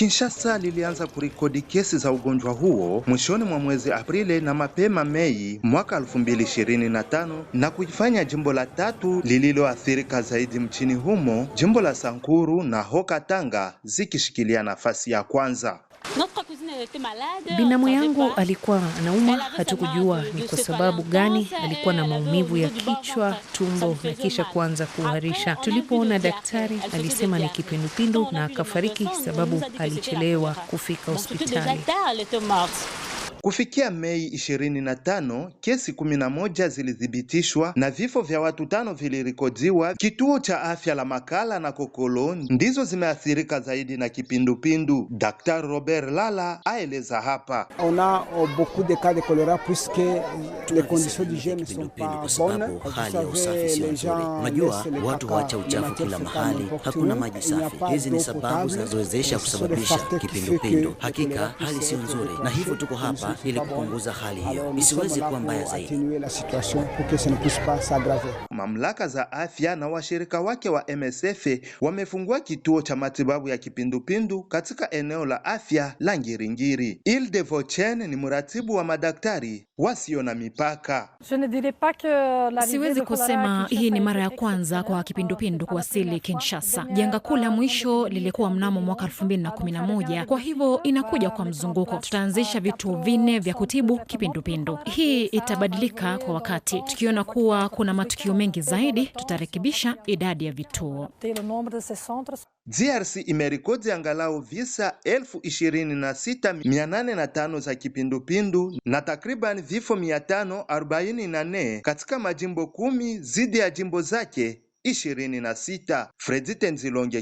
Kinshasa lilianza kurekodi kesi za ugonjwa huo mwishoni mwa mwezi Aprili na mapema Mei mwaka 2025 na kuifanya jimbo la tatu lililoathirika zaidi mchini humo, jimbo la Sankuru na hoka tanga zikishikilia nafasi ya kwanza. Binamu yangu alikuwa anauma, hatukujua ni kwa sababu gani. Alikuwa na maumivu ya kichwa, tumbo na kisha kuanza kuharisha. Tulipoona daktari, alisema ni kipindupindu na akafariki sababu alichelewa kufika hospitali. Kufikia Mei 25, kesi 11 zilithibitishwa na vifo vya watu tano vilirikodiwa. Kituo cha afya la Makala na Kokolo ndizo zimeathirika zaidi na kipindupindu. Daktari Robert Lala aeleza hapa. Kipindupindu kwa sababu hali ya usafi sio nzuri. Unajua, watu huacha uchafu kila mahali, hakuna maji safi. Hizi ni sababu zinazowezesha kusababisha kipindupindu. Hakika hali sio nzuri, na hivyo tuko hapa ili kupunguza hali hiyo isiweze kuwa mbaya zaidi. Mamlaka za afya na washirika wake wa MSF wamefungua kituo cha matibabu ya kipindupindu katika eneo la afya la Ngiringiri. de Vochen ni mratibu wa madaktari wasio na mipaka. Siwezi kusema hii ni mara ya kwanza kwa kipindupindu kuwasili Kinshasa. Janga kuu la mwisho lilikuwa mnamo mwaka 2011, kwa hivyo inakuja kwa mzunguko. Tutaanzisha vituo vingi vingine vya kutibu kipindupindu. Hii itabadilika kwa wakati. Tukiona kuwa kuna matukio mengi zaidi, tutarekebisha idadi ya vituo. DRC imerikodi angalau visa 26805 za kipindupindu na takriban vifo 544 katika majimbo kumi zidi ya jimbo zake 26. Fredi Tenzilonge